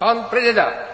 Pan predseda,